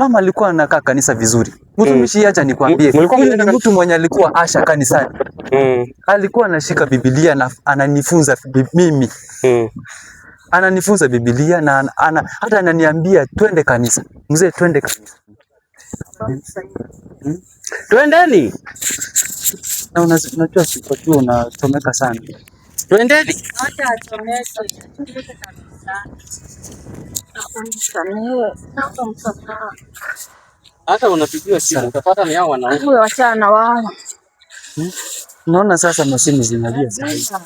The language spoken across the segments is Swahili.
Mama alikuwa anakaa kanisa vizuri. Mtumishi, mm. acha nikwambie, mtu mwenye alikuwa asha kanisani mm. alikuwa anashika Biblia na ananifunza mimi mm. ananifunza Biblia na ana, hata ananiambia twende kanisa, mzee, twende kanisa mm. twendeni. Na unajua unachomeka sana, twendeni. Hata unapigiwa simu utapata ni hao wanaume. Wewe wachana na wao. Unaona hmm? sasa masimu zinajia sana.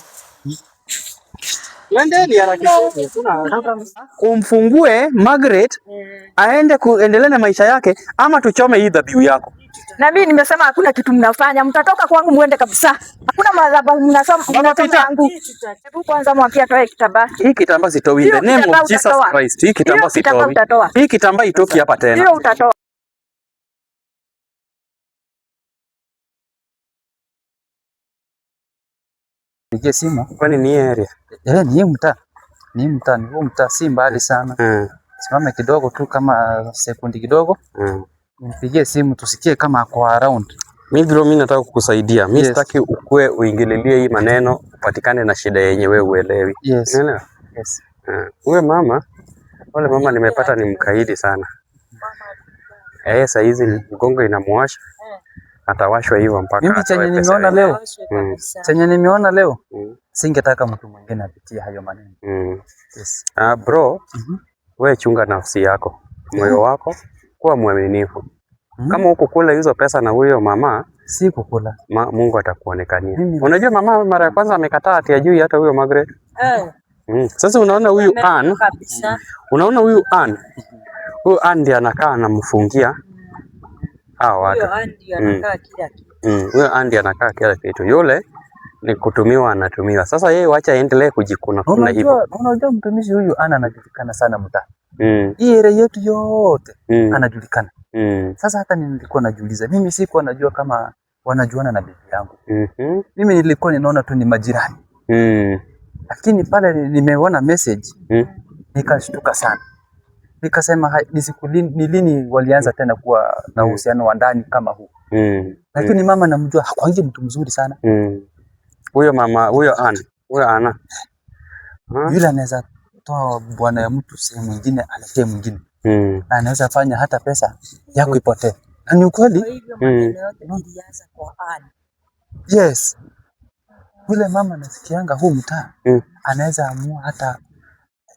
Umfungue Margaret hmm. aende kuendelea na maisha yake ama tuchome hii dhabihu yako. Na mimi nimesema hakuna kitu mnafanya, mtatoka kwangu muende kabisa. Hakuna madhabahu mnasoma yangu. Hebu kwanza mwambie atoe kitamba. Hii kitamba sitoi, in the name of Jesus Christ. Hii kitamba sitoi. Hii kitamba itoki hapa tena. Hiyo utatoa. Nige simu. Kwani ni area? Eh, ni mta. Ni mta, ni mta si mbali sana. Mm. Simame kidogo tu kama sekundi kidogo. Mm. Nipigie simu tusikie kama ako around. Mimi bro, mimi nataka kukusaidia. Mimi sitaki Ukue uingililie hii maneno upatikane na shida yenye wewe uelewi. Yes. Unaelewa? Yes. Uwe eh, mama wale mama nimepata ni mkaidi sana. Eh, sasa hizi mgongo inamuasha. Atawashwa hivyo mpaka. Mimi chenye nimeona leo. Mm. Chenye nimeona leo. Mm. Singetaka mtu mwingine apitie hayo maneno. Mm. Yes. Ah, bro. Mm -hmm. Wewe chunga nafsi yako, moyo wako kuwa mwaminifu -hmm. Kama uko kula hizo pesa na huyo mama si kukula ma, Mungu atakuonekania. Hmm. Unajua mama mara ya kwanza amekataa ati ajui hata huyo Margaret eh. Hmm. Sasa unaona huyu Ann, unaona huyu Ann, huyu Ann ndiye anakaa anamfungia hao watu. Huyo Ann ndiye hmm. anakaa kila kitu. Mm. Huyo Ann ndiye anakaa kila kitu. Yule ni kutumiwa anatumiwa. Sasa yeye wacha aendelee kujikuna kuna hivyo. Unajua mtumishi huyu Ann anajulikana sana mtaa mm. hii area yetu yote mm. anajulikana mm. Sasa hata nilikuwa najiuliza, mimi sikuwa najua kama wanajuana na bibi yangu mm -hmm. Mimi nilikuwa ninaona tu ni majirani mm. Lakini pale nimeona message mm. Nikashtuka sana nikasema ni lini walianza tena kuwa na uhusiano wa ndani kama huu mm. Lakini mm. mama namjua hiyo mtu mzuri sana huyo mm. mama huyo ana huyo ana yule anaweza kutoa bwana ya mtu sehemu nyingine aletee mwingine mm. anaweza fanya hata pesa yako ipotee na ni ukweli hmm. yes yule mama nasikianga huu mtaa mm. anaweza amua hata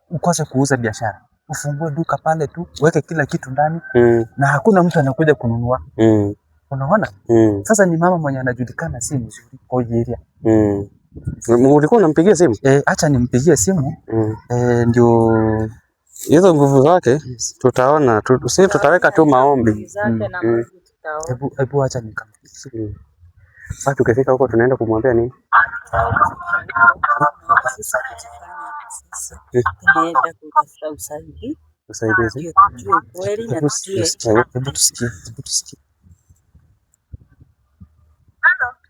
ukose kuuza biashara ufungue duka pale tu uweke kila kitu ndani mm. na hakuna mtu anakuja kununua mm. unaona mm. sasa ni mama mwenye anajulikana si mzuri kwa hiyo mm. Ulikuwa unampigia simu? Eh, acha nimpigie simu mm. Eh, ndio hizo nguvu zake tutaona tu, si tutaweka tu maombi. Mm. Mm. Hebu hebu acha nikampigie. Mm. Sasa tukifika huko tunaenda kumwambia nini?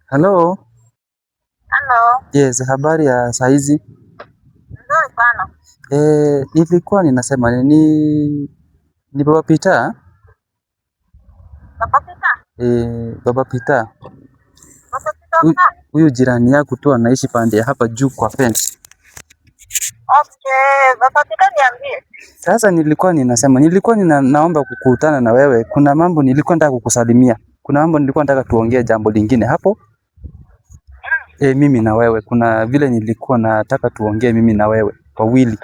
Hello. Hello. Yes, habari ya saa hizi? Nzuri sana. Eh, nilikuwa ninasema ni Ni Baba Pita? Baba Pita? Eh, Baba Pita. Baba Pita. Huyu jirani yako tu anaishi pande hapa juu kwa fence. Okay, Baba Pita niambie. Sasa nilikuwa ninasema nilikuwa nina, naomba kukutana na wewe. Kuna mambo nilikuwa nataka kukusalimia. Kuna mambo nilikuwa nataka tuongee jambo lingine hapo e, mimi na wewe kuna vile nilikuwa nataka tuongee mimi na wewe wawili.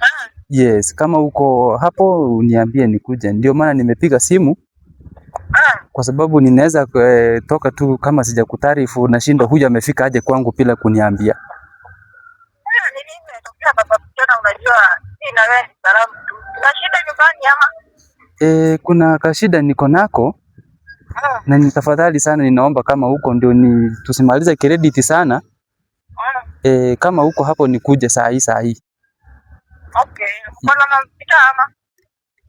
Ah. Yes, kama uko hapo uniambie nikuje. Ndio maana nimepiga simu ah. kwa sababu ninaweza e, toka tu kama sijakutaarifu na shindo huyu amefika aje kwangu bila kuniambia. Eh, kuna kashida niko nako Ah. na ni tafadhali sana ninaomba kama huko ndio ni tusimalize credit sana e, kama huko hapo ni nikuje saa hii saa hii. Okay.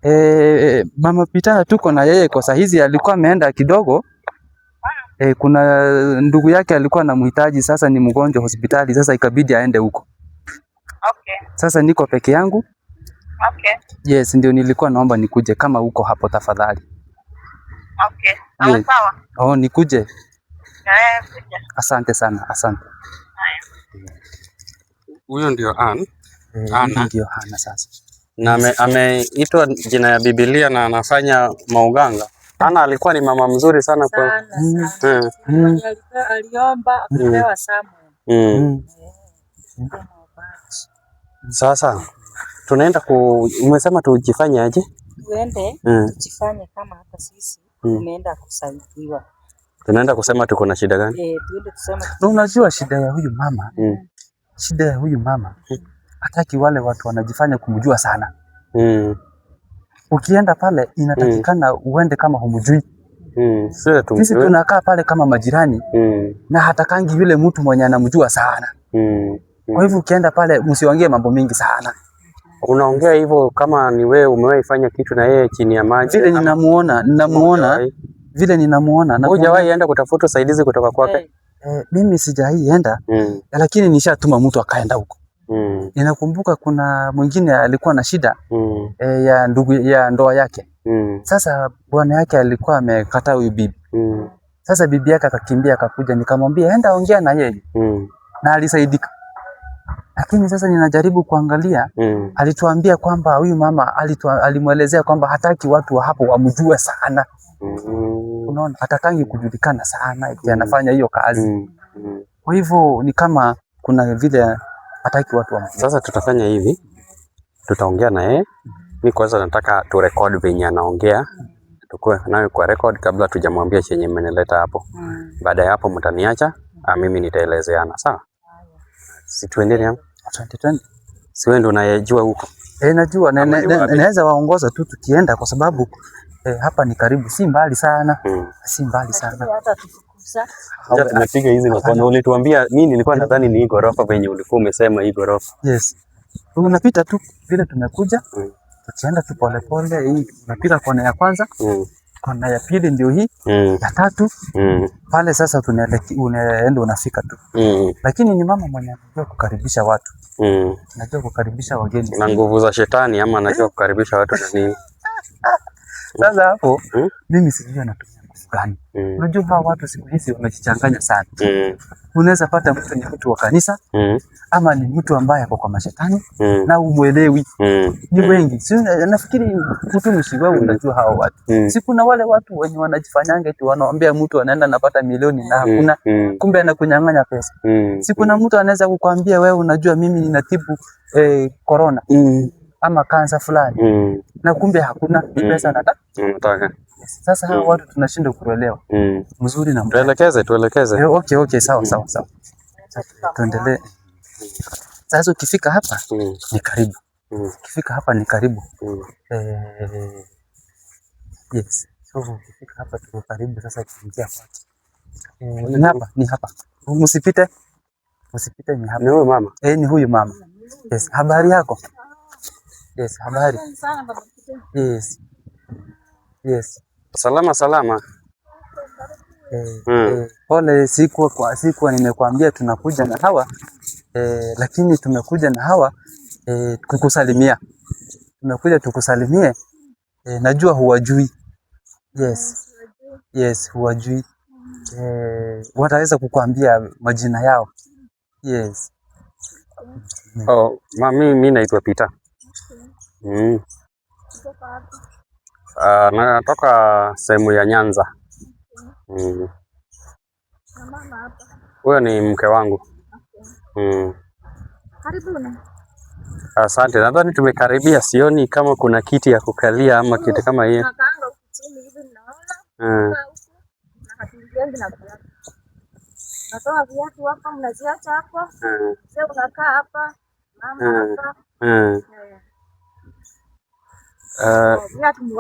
E, mama Pita eh, tuko na yeye kwa saa hizi, alikuwa ameenda kidogo e, kuna ndugu yake alikuwa anamhitaji, sasa ni mgonjwa hospitali, sasa ikabidi aende huko. Okay. Sasa niko peke yangu. Okay. Yes, ndio nilikuwa naomba nikuje kama huko hapo tafadhali. Okay. Awe sawa. Oh, nikuje? Eh, kuja. Asante sana, asante. Huyo ndio Ann. Eh, Ana. Ndio Hana sasa. Na ameitwa ame jina ya Biblia na anafanya mauganga. Ana alikuwa ni mama mzuri sana kwa. Mm. Mm. Aliomba akapewa Samuel. Mm. Sasa tunaenda ku umesema tujifanye aje? Tuende tujifanye kama hata sisi Hmm. tumeenda kusaidiwa. Tunaenda kusema tuko na shida gani? Eh, unajua shida ya huyu mama hmm. Shida ya huyu mama hmm. hataki wale watu wanajifanya kumjua sana hmm. Ukienda pale inatakikana hmm. uende kama humjui mm. Sisi tunakaa pale kama majirani mm. na hatakangi yule mtu mwenye anamjua sana mm. Kwa hivyo ukienda pale msiongee mambo mingi sana. Unaongea hivyo kama ni wewe umewahi fanya kitu na yeye chini ya maji. Vile ninamuona, ninamuona. Vile ninamuona. Na hujawahi enda kutafuta usaidizi kutoka kwake? Eh. eh, mimi sijawahi enda mm. Lakini nishatuma mtu akaenda huko mm. Ninakumbuka kuna mwingine alikuwa na shida mm. eh, ya ndugu ya ndoa yake mm. Sasa bwana yake alikuwa amekataa huyu bibi mm. Sasa bibi yake akakimbia akakuja, nikamwambia enda ongea na yeye mm. na alisaidika. Lakini sasa ninajaribu kuangalia mm. Alituambia kwamba huyu mama alimwelezea kwamba hataki watu wa hapo wamjue sana mm. Unaona, hatakangi kujulikana sana mm. anafanya hiyo kazi mm. Mm. Kwa hivyo ni kama kuna vile hataki watu wamjue. Sasa tutafanya hivi, tutaongea na yeye. Mi kwanza nataka turekodi venye anaongea tukue nayo kwa rekodi kabla tujamwambia chenye mmenileta hapo. Mm. Baada ya hapo mtaniacha, mimi nitaelezeana sawa si tuendele yangu, twende tuende. Si wewe ndio unayejua huko? Eh, najua na naweza waongoza tu tukienda, kwa sababu eh, hapa ni karibu, si mbali sana hmm. si mbali sana tumepiga hizi makona. Ulituambia mimi nilikuwa nadhani ni gorofa venye ulikuwa umesema hii gorofa. Yes. Unapita tu vile tumekuja. Hmm. Tukienda tu polepole hii unapita kona ya kwanza. Hmm kona ya pili ndio hii mm. ya tatu mm. pale sasa unaenda unafika tu mm. Lakini ni mama mwenye anajua kukaribisha watu mm. anajua kukaribisha wageni na nguvu za shetani, ama anajua eh. kukaribisha watu nini sasa hapo mm. mimi sijui anatumia fulani. Mm. Unajua hawa watu siku hizi wamejichanganya sana. Mm. Unaweza pata mtu ni mtu wa kanisa mm. ama ni mtu ambaye ako kwa mashetani mm. na umwelewi. Mm. Ni mm. wengi. Si eh, nafikiri mtumishi wewe mm. unajua hawa watu. Mm. Si kuna wale watu wenye wanajifanyanga tu wanaombea mtu anaenda anapata milioni na mm. hakuna mm. kumbe anakunyang'anya pesa. Mm. Si kuna mtu anaweza kukwambia wewe unajua mimi ninatibu eh, corona. Mm ama kansa fulani mm. na kumbe hakuna mm. pesa nata nataka mm. Sasa hawa mm. watu tunashinda kuelewa mm. mzuri mm. na mbaya. Tuelekeze, tuelekeze. Eh, okay, okay, sawa mm. sawa sawa, tuendelee sasa. Ukifika hapa mm. ni karibu mm. ukifika hapa ni karibu mm. eh, yes. So ukifika hapa tuko karibu sasa kuingia kwake. Eh, ni mm. hapa, ni hapa, msipite, msipite, ni hapa. Ni huyu mama eh, ni huyu mama. Yes, habari yako? Yes, habari. Yes. Yes. Salama salama. Eh, mm. Eh, pole, siku kwa siku nimekwambia tunakuja na hawa eh, lakini tumekuja na hawa eh, kukusalimia. Tumekuja tukusalimie eh, najua huwajui. Yes. Yes, huwajui. Eh, wataweza kukuambia majina yao. Yes. Oh, mami mimi naitwa Peter. Mm. Uh, natoka sehemu ya Nyanza. Mm. Huyo ni mke wangu. Mm. Asante. Nadhani tumekaribia, sioni kama kuna kiti ya kukalia ama kitu kama hiyo. Mm. Mm. Viatu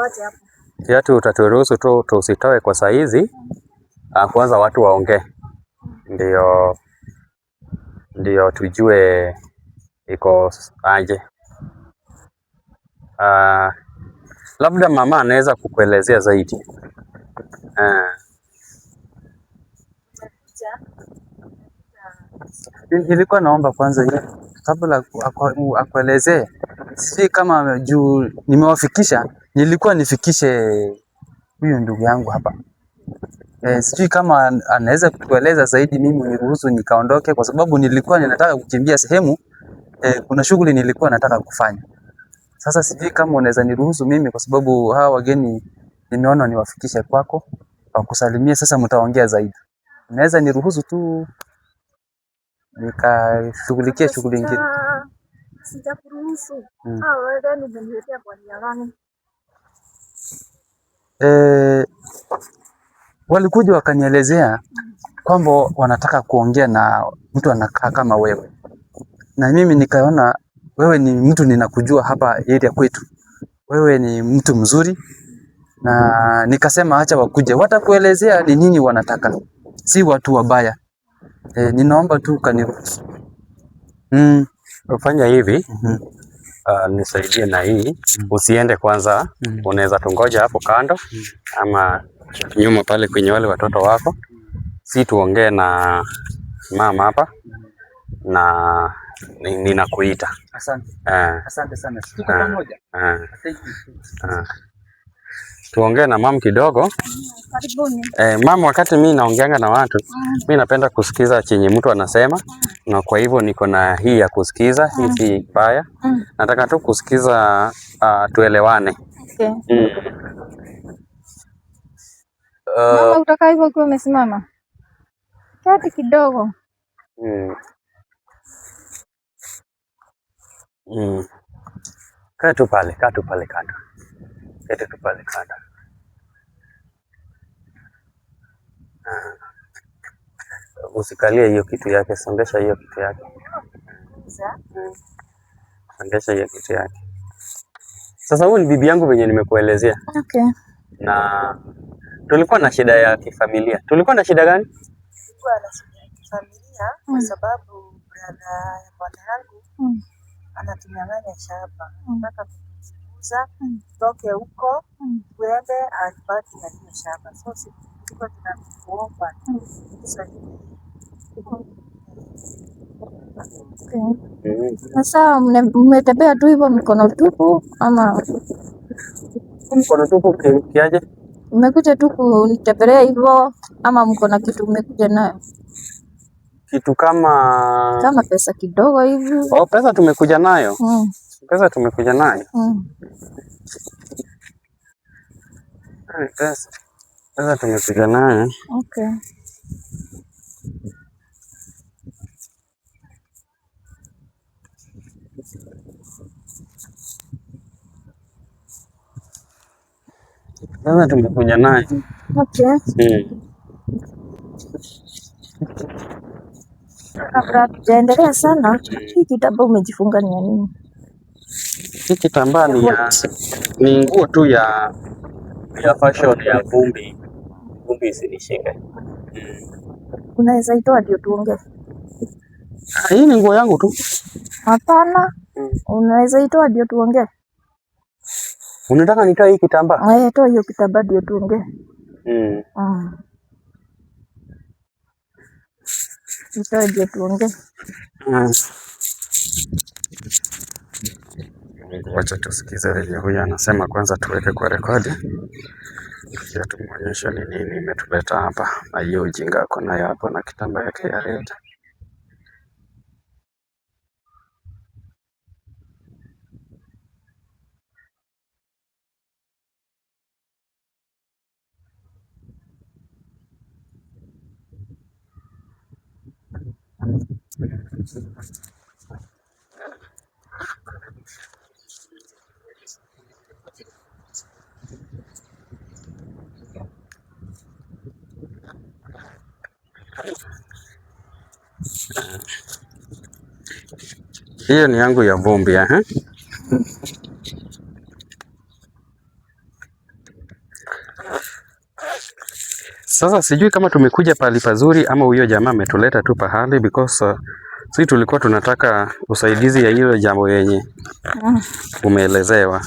eh, oh, uh, utaturuhusu tu tusitoe kwa saizi ah, kwanza watu waongee, ndio ndio tujue iko aje. Ah, labda mama anaweza kukuelezea zaidi eh. ilikuwa nilikuwa naomba kwanza hiyo kabla akuelezee, sijui kama juu nimewafikisha, nilikuwa nifikishe huyu ndugu yangu hapa e, sijui kama anaweza kueleza zaidi. Mimi niruhusu nikaondoke, kwa sababu nilikuwa ninataka kukimbia sehemu e, kuna shughuli nilikuwa nataka kufanya. Sasa sijui kama unaweza niruhusu mimi, kwa sababu hawa wageni nimeona niwafikishe kwako wakusalimia. Sasa mtaongea zaidi, unaweza niruhusu tu nikashughulikia shughuli ingine. Hmm. Ah, eh, walikuja wakanielezea kwamba wanataka kuongea na mtu anakaa kama wewe, na mimi nikaona wewe ni mtu ninakujua hapa area kwetu, wewe ni mtu mzuri, na nikasema acha wakuje, watakuelezea ni nini wanataka, si watu wabaya. Eh, ninaomba tu kaniruhusu mm. Ufanya hivi mm -hmm. Uh, nisaidie na hii mm -hmm. Usiende kwanza mm -hmm. Unaweza tungoja hapo kando mm -hmm. Ama nyuma pale kwenye wale watoto wako, si tuongee na mama hapa na ninakuita. Asante. Uh, Asante sana. uh, pamoja. Eh. Thank you tuongee na mam kidogo. Eh, mam, wakati mi naongeanga na watu mm. mi napenda kusikiza chenye mtu anasema, na kwa hivyo niko na hii ya kusikiza hii, si mm. mbaya, mm. nataka tu kusikiza uh, tuelewane. Okay. Mm. Uh, utakaa hivyo ukiwa umesimama kati kidogo. Mm. Mm. Kaa tu pale, kaa tu pale kando കേട്ടിട്ട് പാലിക്കാണ്ട് usikalie hiyo kitu yake, songesha hiyo kitu yake, songesha hiyo kitu yake. Sasa huyu ni bibi yangu venye nimekuelezea. Okay. Na tulikuwa na shida ya kifamilia. Tulikuwa na shida gani? Tulikuwa na shida ya kifamilia kwa mm. sababu brada ya bwana yangu mm. anatunyang'anya shamba mpaka mm kuuza, tutoke hmm. huko tuende hmm. alibaki na hiyo shamba. So sikuwa tunakuomba hmm. sasa, eh. mmetembea tu hivyo mikono tupu ama mkono tupu kiaje? Mmekuja tu kunitembelea hivyo ama mko na kitu mmekuja nayo? Kitu kama kama pesa kidogo hivi? Oh, pesa tumekuja nayo hmm. Pesa tumekuja nayo mm. Pesa, pesa tumekuja nayo okay. Sasa tumekuja naye okay. hmm. Kabla tujaendelea sana, hii kitabu umejifunga ni ya nini? hii kitambaa ni ya ni nguo tu ya ya fashion ya vumbi, vumbi isinishike. Unaweza itoa ndio tuonge. Ah, hii ni nguo yangu tu. Hapana. Hmm. Unaweza itoa ndio tuonge. Unataka nitoe hii kitambaa? Eh, toa hiyo kitambaa ndio tuonge. Mm. Hmm. Ah. Itoa ndio tuonge. Mm. Wacha tusikize vile huyu anasema kwanza, tuweke kwa rekodi pia tumwonyeshe ni nini imetuleta hapa, na hiyo ujinga ako nayo hapo na kitamba yake ya red. Hiyo ni yangu ya vumbi eh? Sasa sijui kama tumekuja pahali pazuri ama huyo jamaa ametuleta tu pahali because uh, si tulikuwa tunataka usaidizi ya hilo jambo yenye umeelezewa.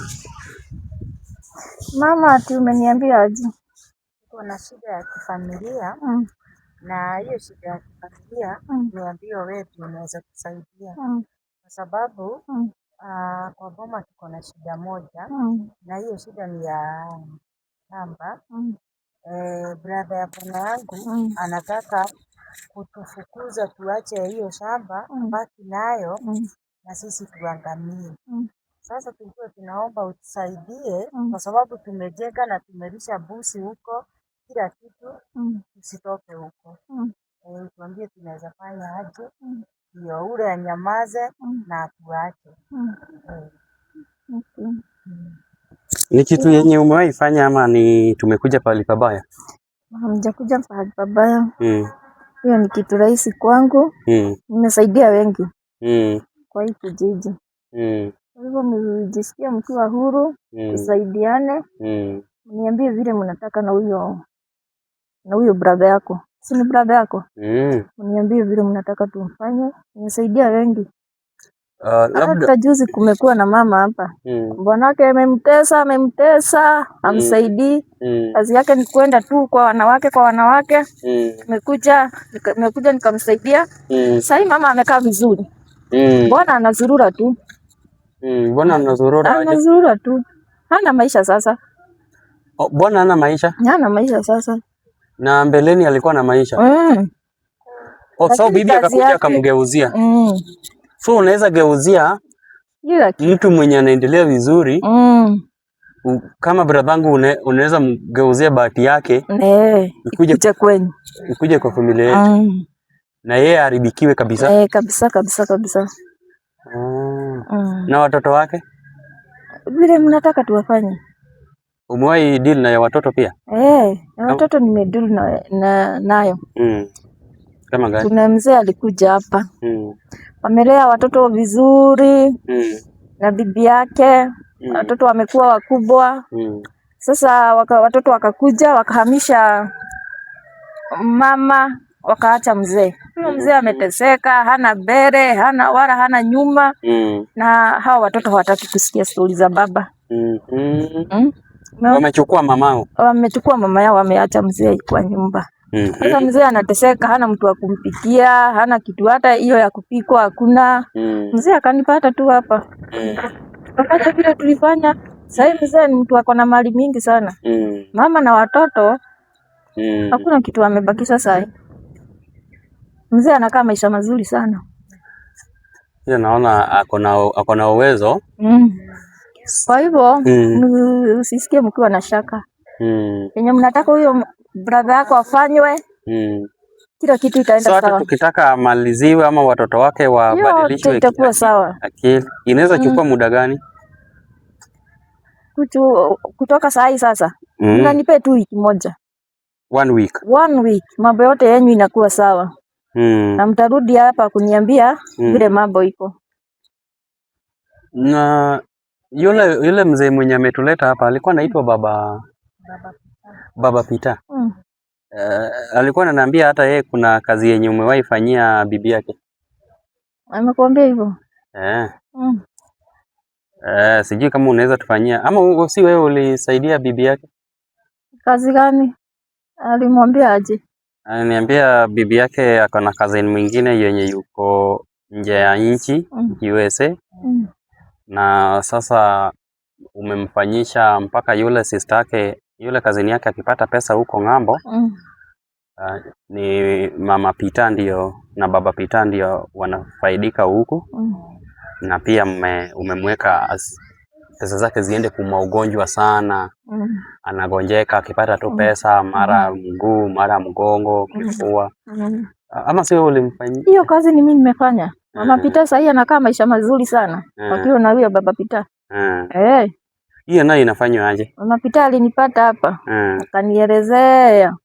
Mama tu umeniambia aje, kuna shida ya kifamilia mm na hiyo shida ya kifamilia ni ambio wetu unaweza kusaidia mm. kwa sababu uh, kwa boma tuko na shida moja mm. na hiyo shida ni ya shamba. Eh, brother ya bwana yangu anataka kutufukuza tuache hiyo shamba baki nayo na sisi tuangamie. Sasa tulikuwa tunaomba utusaidie kwa sababu tumejenga na tumerisha busi huko kila kitu mm. huko mm. E, tuambie tunaweza fanya aje ndio mm. Ule anyamaze mm. na atuache mm. Mm. Ni kitu yenye umewahi fanya ama ni tumekuja pahali pabaya? Hamjakuja pahali pabaya mm. hiyo mm. Ni kitu rahisi kwangu mm. Nimesaidia wengi mm. kwa hii kijiji mm. Kwa hivyo mjisikia mkiwa huru mm. mm. Niambie vile mnataka na huyo na huyo brother yako, si ni brother yako? Mm. Niambie vile mnataka tumfanye, nimesaidia wengi. Uh, labda juzi kumekuwa na mama hapa mm. bwanake amemtesa amemtesa mm. amsaidii mm. kazi yake ni kwenda tu kwa wanawake kwa wanawake mm. mekuja nimekuja nikamsaidia mm. Sasa hii mama amekaa vizuri mm. mbona anazurura tu mm. mbona anazurura anazurura tu hana maisha sasa. Oh, bwana hana maisha hana maisha sasa na mbeleni alikuwa na maisha mm. Oh, so bibi akakuja akamgeuzia mm. So unaweza geuzia mtu mwenye anaendelea vizuri mm. Kama bradhangu unaweza mgeuzia bahati yake nee, ikuje kwenye ikuje kwa familia yetu mm. Na yeye aribikiwe kabisa nee, eh, kabisa kabisa kabisa mm. Mm. Na watoto wake vile mnataka tuwafanye Umewahi deal na ya watoto pia? Eh, na watoto nimedeal na, na, nayo mm. Kama gani? Kuna mzee alikuja hapa mm. Wamelea watoto vizuri mm. na bibi yake mm. Watoto wamekuwa wakubwa mm. Sasa waka, watoto wakakuja wakahamisha mama wakaacha mzee huyo. Mm. Mzee ameteseka, hana bere, hana wala hana nyuma mm. na hawa watoto hawataki kusikia stori za baba mm-hmm. mm -hmm. mm? wamechukua mamao, wamechukua mama yao, wameacha mzee kwa nyumba. Mm. Sasa mzee anateseka, hana mtu wa kumpikia, hana kitu hata hiyo ya kupikwa hakuna. Mm. Mzee akanipata tu hapa, wakati mm. vile tulifanya. Sasa mzee ni mtu ako na mali mingi sana, mama na watoto, hakuna kitu amebakisha. Sasa mzee anakaa maisha mazuri sana, hiyo naona ako na uwezo mm. Kwa hivyo mm. usisikie mkiwa na shaka mm. yenye mnataka huyo brother yako afanywe mm. kila kitu itaenda sawa. Hata tukitaka amaliziwe ama watoto wake wabadilishwe itakuwa sawa. Akili inaweza chukua mm. muda gani kutu, kutoka saa hii sasa mm. unanipe tu wiki moja One week. One week mambo yote yenyu inakuwa sawa mm. na mtarudi hapa kuniambia hmm. vile mm. mambo iko na yule yule mzee mwenye ametuleta hapa alikuwa anaitwa baba baba, baba Pita. Mm. Uh, alikuwa ananiambia hata yeye kuna kazi yenye umewahi fanyia bibi yake. Amekuambia hivyo? Eh. Mm. Eh, sijui kama unaweza tufanyia ama si wewe ulisaidia bibi yake? Kazi gani? Alimwambia aje? Aliniambia bibi yake ako na kazi mwingine yenye yuko nje ya nchi, mm. USA. Mm na sasa umemfanyisha mpaka yule sister yake yule kazini yake akipata pesa huko ng'ambo mm. Uh, ni mama Pita ndio na baba Pita ndio wanafaidika huku mm. Na pia umemweka pesa zake ziende kuma ugonjwa sana mm. Anagonjeka akipata tu mm. pesa mara mm. mguu mara mgongo, mm. kifua mm. Ama sio ulimfanyia hiyo kazi? Ni mimi nimefanya Mama eh. Pita sahii anakaa maisha mazuri sana eh. wakiwa na huyo baba Pita. Eh. eh. Hiyo nayo inafanywa aje? Mama Pita alinipata hapa akanielezea.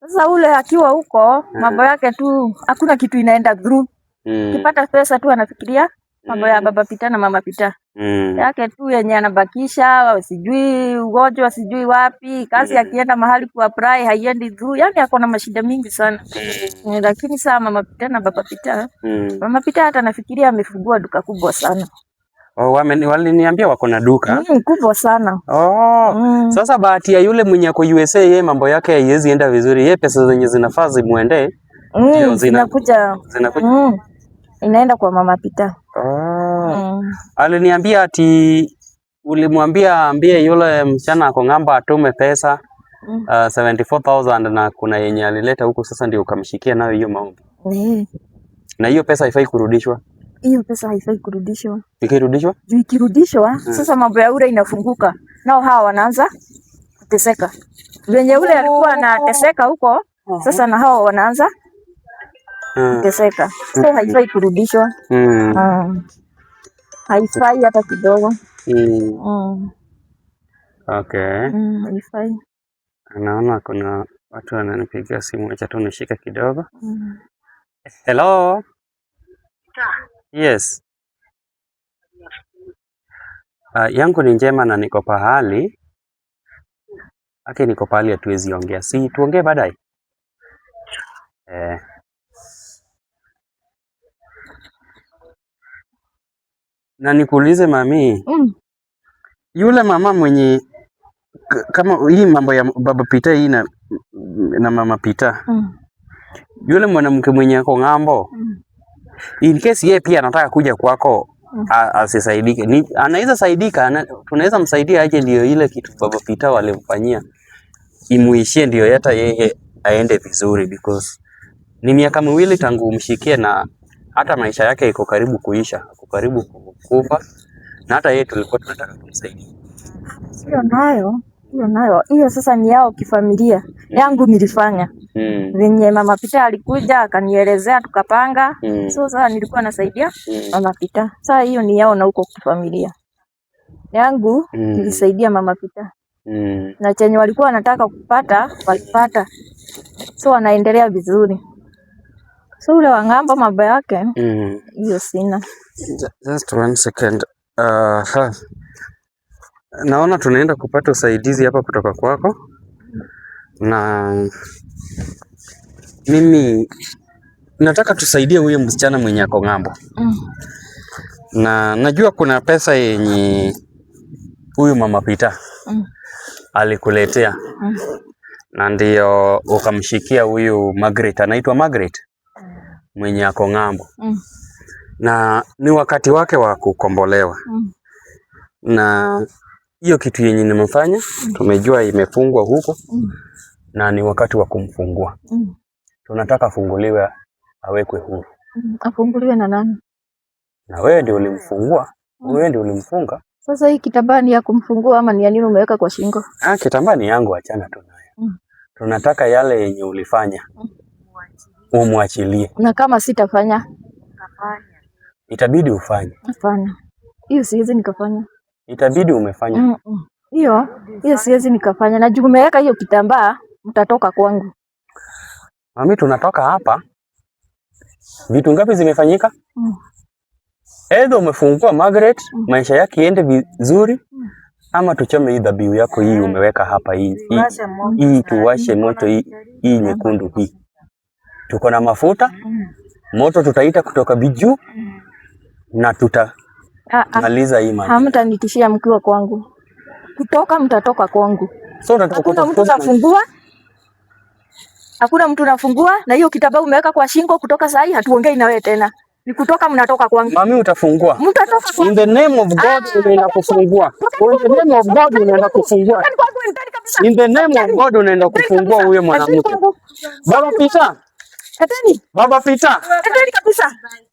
Sasa ule akiwa huko mambo yake tu, hakuna kitu inaenda through. Hmm. Kipata pesa tu anafikiria mambo ya baba Pita na mama Pita mm. yake tu yenye anabakisha, sijui ugonjwa, sijui wapi kazi mm. akienda mahali ku apply haiendi juu, yani ako na mashida mingi sana mm. lakini saa mama Pita na baba Pita mm. mama Pita hata nafikiria amefungua duka kubwa sana Oh, waliniambia wako na duka mm, kubwa sana oh, mm. Sasa bahati ya yule mwenye ako USA ye mambo yake haiwezi enda vizuri, ye pesa zenye zinafaa zimuende mm, zinakuja zina mm inaenda kwa mama Pita. Ah. Mm. Aliniambia ati ulimwambia ambie yule msichana ako ngamba atume pesa mm. uh, ah, 74000 na kuna yenye alileta huko, sasa ndio ukamshikia nayo hiyo maombi mm. na hiyo pesa haifai kurudishwa hiyo pesa haifai kurudishwa. Ikirudishwa juu ikirudishwa, hmm. Sasa mambo ya ura inafunguka, nao hawa wanaanza kuteseka venye ule alikuwa anateseka huko. Sasa na hawa wanaanza ukiteseka, mm. so mm. haifai kurudishwa, mm. ah. haifai hata kidogo. Okay, haifai. Naona kuna watu wananipigia simu, acha tu nishika kidogo. Hello. Yes. Uh, yangu ni njema na niko pahali ake, niko pahali hatuwezi ongea, si tuongee baadaye eh. Na nikuulize mami, mm. Yule mama mwenye kama hii mambo ya baba Pita hii na, na mama Pita mm. Yule mwanamke mwenye ako ng'ambo mm. In case yeye pia anataka kuja kwako mm. asisaidike, anaweza saidika ana, tunaweza msaidia aje, ndio ile kitu baba Pita walimfanyia imuishie, ndio hata yeye aende vizuri, because ni miaka miwili tangu umshikie na hata maisha yake iko karibu kuisha, iko karibu kufa, na hata yeye tulikuwa tunataka kumsaidia. Sio nayo hiyo nayo hiyo sasa ni yao kifamilia, yangu nilifanya mm. venye mama Pita alikuja akanielezea tukapanga mm. so sasa nilikuwa nasaidia mm. mama Pita. Sasa hiyo ni yao na huko kifamilia yangu mm. nilisaidia mama Pita mm. na chenye walikuwa wanataka kupata walipata, so wanaendelea vizuri. So ule wang'amba mambo yake mm. hiyo mm. Sina just one second. Uh, ha. Naona tunaenda kupata usaidizi hapa kutoka kwako, na mimi nataka tusaidie huyo msichana mwenye ako ng'ambo mm. Na najua kuna pesa yenye huyu mama Pita mm. alikuletea mm. na ndio ukamshikia huyu Margaret, anaitwa Margaret mwenye ako ng'ambo mm. na ni wakati wake wa kukombolewa mm. na hiyo kitu yenye nimefanya mm. tumejua imefungwa huko mm. na ni wakati wa kumfungua mm. tunataka afunguliwe, awekwe huru mm. afunguliwe na nani? na wewe ndio ulimfungua mm. wewe ndio ulimfunga. Sasa hii kitambaa ni ya kumfungua ama ni ya nini umeweka kwa shingo? Ah, kitambaa ni yangu, achana tu nayo mm. tunataka yale yenye ulifanya mm umwachilie. Na kama sitafanya itabidi ufanye. Nafanya. hiyo siwezi nikafanya. Itabidi umefanya hiyo. mm -mm. hiyo siwezi nikafanya, na juu umeweka hiyo kitambaa, mtatoka kwangu. Mami, tunatoka hapa. Vitu ngapi zimefanyika? mm. Edo umefungua Margaret, mm. maisha yake iende vizuri, mm. ama tuchome hii dhabihu yako hii umeweka hapa, hii hii tuwashe moto hii nyekundu hii tuko na mafuta moto, tutaita kutoka biju na tutamaliza ah, ah. hii mambo. Hamtanitishia mkiwa kwangu, kutoka mtatoka kwangu. So, hakuna mtu nafungua, hakuna mtu nafungua. Na hiyo kitabu umeweka kwa shingo, kutoka sasa hii hatuongei na wewe tena. Ni kutoka mnatoka kwangu. Mami utafungua. Mtatoka kwangu. In the name of God ah, unaenda kufungua. Yaani In the name of God unaenda kufungua. In the name of God unaenda kufungua huyo mwanamke. Baba Pita. Teteni. Baba pita. Teteni kabisa.